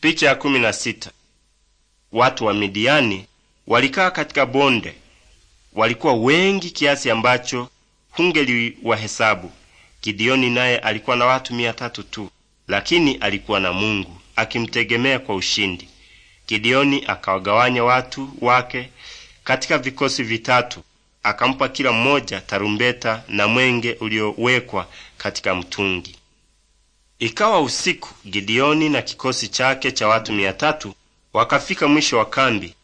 Picha ya kumi na sita. Watu wa Midiani walikaa katika bonde, walikuwa wengi kiasi ambacho hungeliwahesabu. Gideoni naye alikuwa na watu mia tatu tu, lakini alikuwa na Mungu akimtegemea kwa ushindi. Gideoni akawagawanya watu wake katika vikosi vitatu, akampa kila mmoja tarumbeta na mwenge uliowekwa katika mtungi. Ikawa usiku, Gideoni na kikosi chake cha watu mia tatu wakafika mwisho wa kambi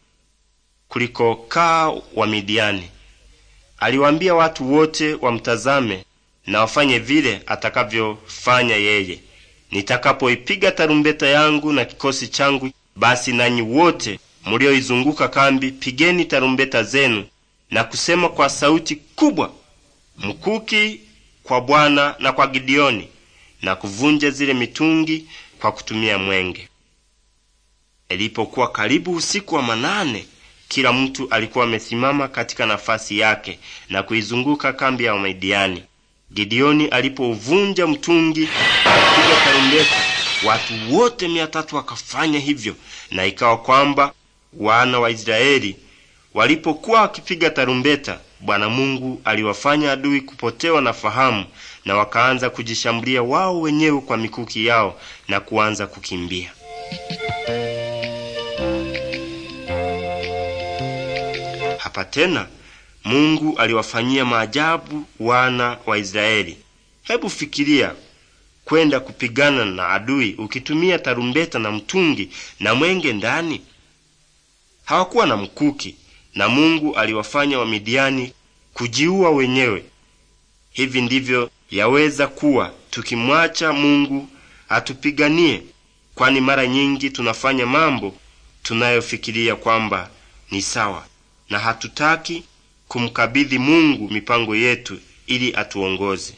kulikokaa midiani Aliwaambia watu wote wamtazame na wafanye vile atakavyofanya yeye. Nitakapoipiga tarumbeta yangu na kikosi changu, basi nanyi wote mulioizunguka kambi pigeni tarumbeta zenu na kusema kwa sauti kubwa, mkuki kwa Bwana na kwa Gideoni na kuvunja zile mitungi kwa kutumia mwenge. Ilipokuwa karibu usiku wa manane, kila mtu alikuwa amesimama katika nafasi yake na kuizunguka kambi ya Wamidiani. Gideoni alipouvunja mtungi alipiga tarumbeta, watu wote mia tatu wakafanya hivyo, na ikawa kwamba wana wa Israeli walipokuwa wakipiga tarumbeta Bwana Mungu aliwafanya adui kupotewa na fahamu, na wakaanza kujishambulia wao wenyewe kwa mikuki yao na kuanza kukimbia. Hapa tena Mungu aliwafanyia maajabu wana wa Israeli. Hebu fikiria kwenda kupigana na adui ukitumia tarumbeta na mtungi na mwenge ndani. Hawakuwa na mkuki na Mungu aliwafanya Wamidiani kujiua wenyewe. Hivi ndivyo yaweza kuwa tukimwacha Mungu atupiganie, kwani mara nyingi tunafanya mambo tunayofikiria kwamba ni sawa na hatutaki kumkabidhi Mungu mipango yetu ili atuongoze.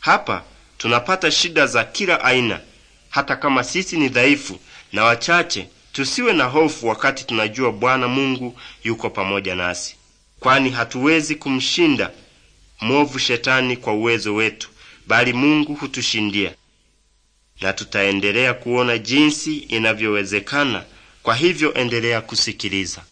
Hapa tunapata shida za kila aina, hata kama sisi ni dhaifu na wachache Tusiwe na hofu wakati tunajua Bwana Mungu yuko pamoja nasi, kwani hatuwezi kumshinda mwovu shetani kwa uwezo wetu, bali Mungu hutushindia, na tutaendelea kuona jinsi inavyowezekana. Kwa hivyo endelea kusikiliza.